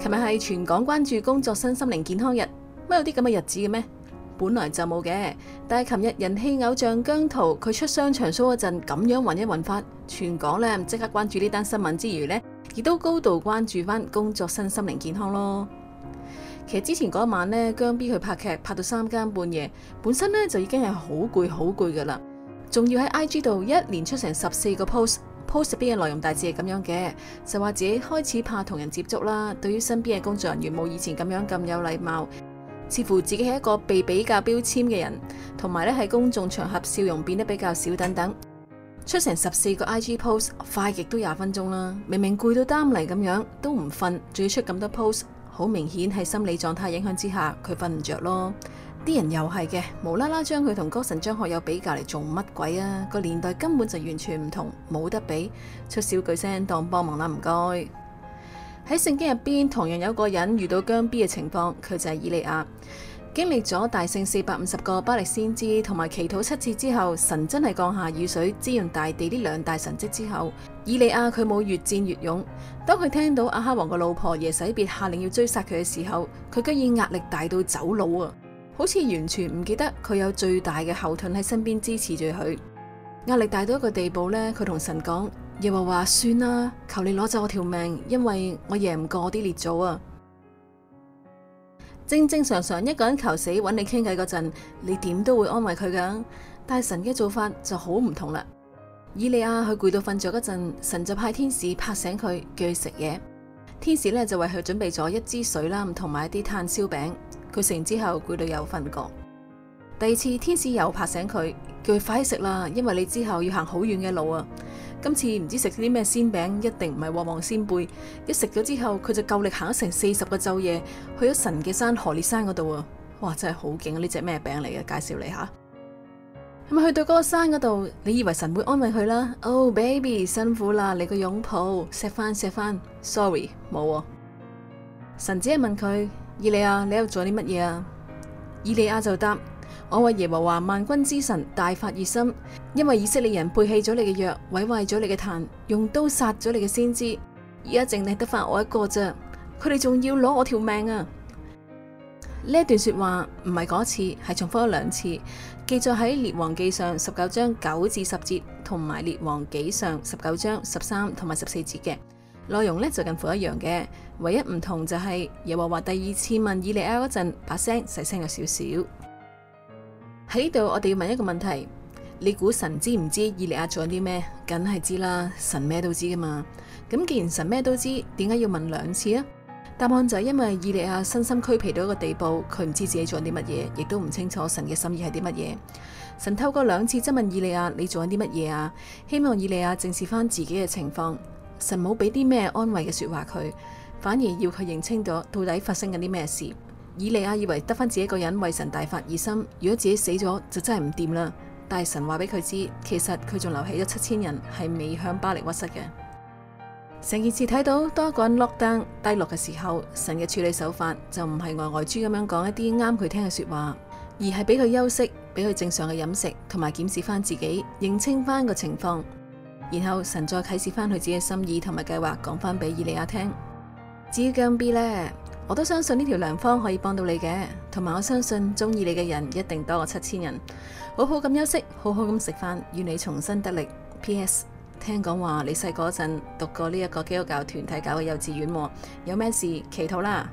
琴日係全港關注工作身心靈健康日，乜有啲咁嘅日子嘅咩？本來就冇嘅，但係琴日人氣偶像姜濤，佢出商場 show 嗰陣咁樣暈一暈法，全港咧即刻關注呢單新聞之餘呢，亦都高度關注翻工作身心靈健康咯。其實之前嗰晚呢，姜 B 去拍劇，拍到三更半夜，本身咧就已經係好攰好攰噶啦，仲要喺 IG 度一連出成十四個 post。post 邊嘅內容大致係咁樣嘅，就話自己開始怕同人接觸啦。對於身邊嘅工作人員冇以前咁樣咁有禮貌，似乎自己係一個被比較標籤嘅人，同埋咧喺公眾場合笑容變得比較少等等。出成十四個 IG post，快極都廿分鐘啦。明明攰到擔嚟咁樣，都唔瞓，仲要出咁多 post，好明顯係心理狀態影響之下，佢瞓唔着咯。啲人又係嘅，無啦啦將佢同歌神張學友比較嚟做乜鬼啊？個年代根本就完全唔同，冇得比。出少句聲當幫忙啦，唔該。喺聖經入邊，同樣有個人遇到姜 B 嘅情況，佢就係以利亞。經歷咗大勝四百五十個巴力先知，同埋祈禱七次之後，神真係降下雨水滋潤大地呢兩大神跡之後，以利亞佢冇越戰越勇。當佢聽到阿哈王個老婆耶洗別下令要追殺佢嘅時候，佢居然壓力大到走佬啊！好似完全唔記得佢有最大嘅後盾喺身邊支持住佢，壓力大到一個地步咧，佢同神講：耶和華，算啦，求你攞走我條命，因為我贏唔過我啲列祖啊！正正常常一個人求死揾你傾偈嗰陣，你點都會安慰佢噶，但係神嘅做法就好唔同啦。以利亞佢攰到瞓着嗰陣，神就派天使拍醒佢，叫佢食嘢。天使咧就為佢準備咗一支水啦，同埋一啲炭燒餅。佢食完之後，攰到又瞓覺。第二次天使又拍醒佢，叫佢快啲食啦，因為你之後要行好遠嘅路啊。今次唔知食啲咩仙餅，一定唔係旺旺仙貝。一食咗之後，佢就夠力行咗成四十個晝夜，去咗神嘅山何烈山嗰度啊！哇，真係好勁啊！呢隻咩餅嚟嘅？介紹你下，咁啊，去到嗰個山嗰度，你以為神會安慰佢啦？哦，baby，辛苦啦，你個擁抱，錫翻錫翻，sorry 冇啊。神只係問佢。以利亞，你喺度做啲乜嘢啊？以利亞就答：我為耶和華萬軍之神大發熱心，因為以色列人背棄咗你嘅約，毀壞咗你嘅壇，用刀殺咗你嘅先知，而家淨係得返我一個啫，佢哋仲要攞我條命啊！呢一段說話唔係嗰次，係重複咗兩次，記載喺列王紀上十九章九至十節，同埋列王紀上十九章十三同埋十四節嘅。內容咧就近乎一樣嘅，唯一唔同就係耶和華第二次問以利亞嗰陣，把聲細聲咗少少。喺呢度，我哋要問一個問題：你估神知唔知以利亞做咗啲咩？梗係知啦，神咩都知噶嘛。咁既然神咩都知，點解要問兩次啊？答案就係因為以利亞身心俱疲到一個地步，佢唔知自己做咗啲乜嘢，亦都唔清楚神嘅心意係啲乜嘢。神透過兩次質問以利亞，你做咗啲乜嘢啊？希望以利亞正視翻自己嘅情況。神冇俾啲咩安慰嘅說話佢，反而要佢認清咗到，到底發生緊啲咩事。以利亞以為得翻自己一個人為神大發熱心，如果自己死咗就真係唔掂啦。但係神話俾佢知，其實佢仲留起咗七千人係未向巴力屈膝嘅。成件事睇到多個人落單低落嘅時候，神嘅處理手法就唔係呆呆豬咁樣講一啲啱佢聽嘅說話，而係俾佢休息，俾佢正常嘅飲食，同埋檢視翻自己，認清翻個情況。然後神再啟示返佢自己嘅心意同埋計劃，講返俾以利亞聽。至於薑、um、B 呢，我都相信呢條良方可以幫到你嘅，同埋我相信中意你嘅人一定多過七千人。好好咁休息，好好咁食飯，願你重新得力。P.S. 聽講話你細嗰陣讀過呢一個基督教團體搞嘅幼稚園喎，有咩事祈禱啦。